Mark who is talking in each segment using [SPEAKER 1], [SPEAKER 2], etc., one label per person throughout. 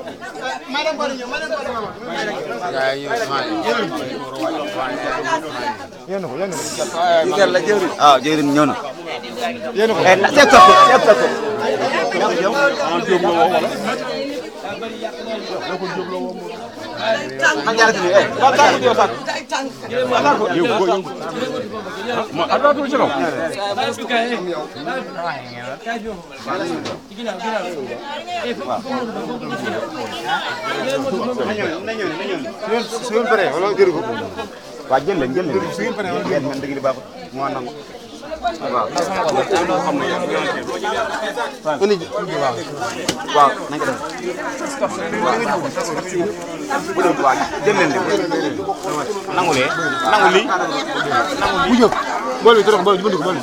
[SPEAKER 1] yéen ko yéen ko. kii la jëriñ. waaw man jaaree si eh waaw saa yow saa yow saa ko yow ko yow ma adda to ci kaw waaw jël leen jël leen su ngeen paree wala ngeen man dëgg li baaxul moo nangu waaw waaw na nga def bu dee waaw jël leen li nangu lee nangu lii nangu lii bu jóg bool bi trop bool bi jubandi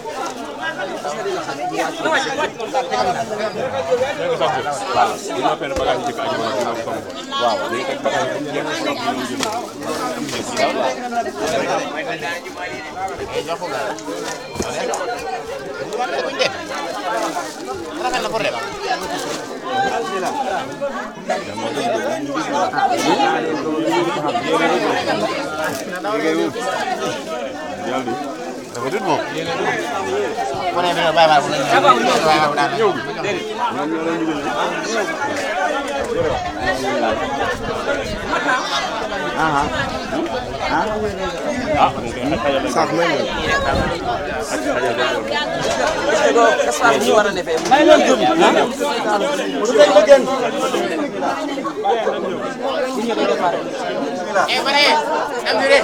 [SPEAKER 1] waaw dañuy teg bagage yi comme jeexul trop na pour dem. một, con duduk. Mana yang bilang bayar bulan ini? Bayar bulan ini. Aha. Eh, mana? Ambil deh.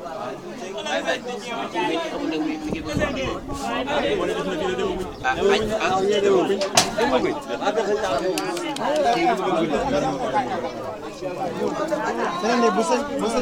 [SPEAKER 1] Sen de bu sen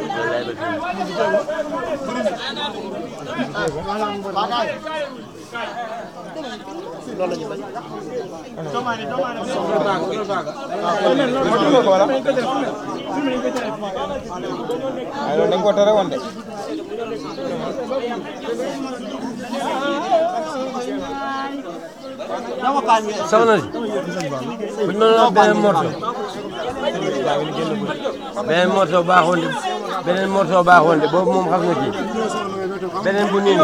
[SPEAKER 1] రెండు ఇంకోటారా వండి Savunacı. Bunlar benim motor. beneen morceau baaxoon de beneen morceau baaxoon de boobu moom xam na kii beneen bu nii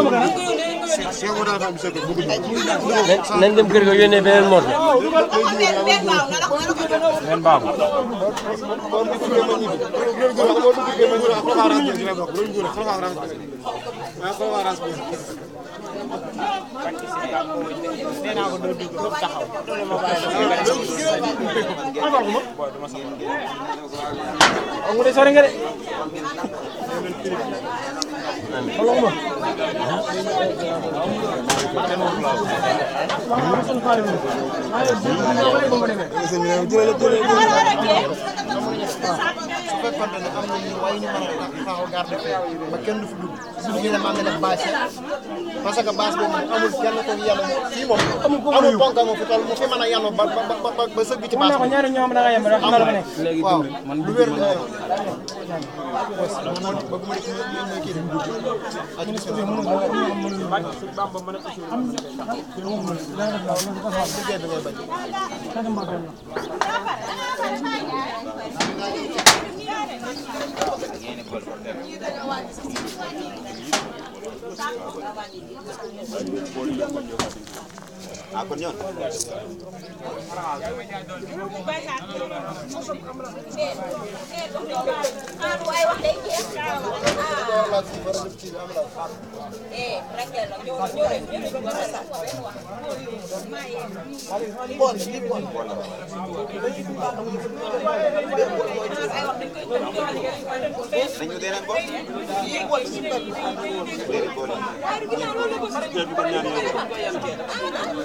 [SPEAKER 1] nañ dem kër ga yónnee beneen morceau. beneen baaxul. nee mau. ko doo parce que base boobu moom amul kenn ku yàlla fii moom. amul ponk amul fu toll mu fi mën a yàlla ba ba ba ba sëgg ci base boobu. ñaari ñoom da nga yem rek xam nga léegi waaw lu wér la yow. Thank you. 아니면 뭘 네. 연관료가 되고 ah kon ñëw na.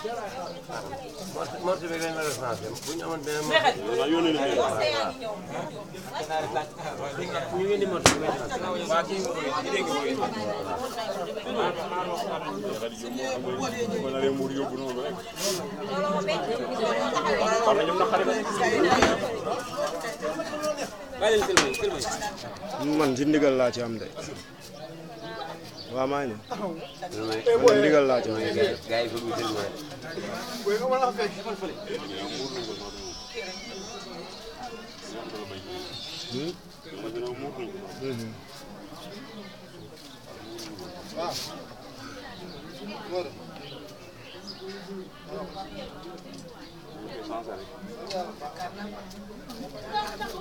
[SPEAKER 1] morsi man ci ndigal laa ci de waaw maa ngi ne. man ndigal laa ci ma ne gars yi fa muy tënk waaye. waaw. Voilà. sans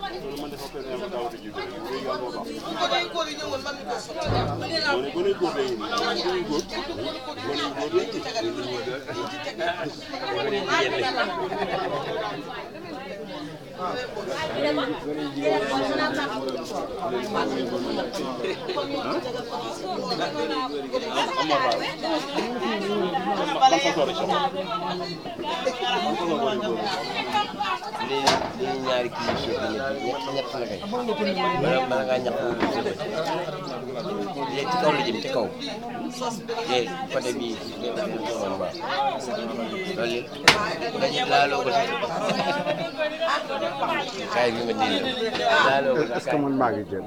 [SPEAKER 1] arrêt loolu man dafa péré ma daaw di jiitu rek bu dee yàlla moo baax. moo ne gone góor day indi gone góor gone góor day indi gone góor day indi ñaari kii yu suuf ñett ñett la kay bala bala ngaa ñàkk ci kaw la jëm ci kaw te côté bii day tax ñu soxla bu baax loolu
[SPEAKER 2] it est-ce que man maa
[SPEAKER 1] ngi jël.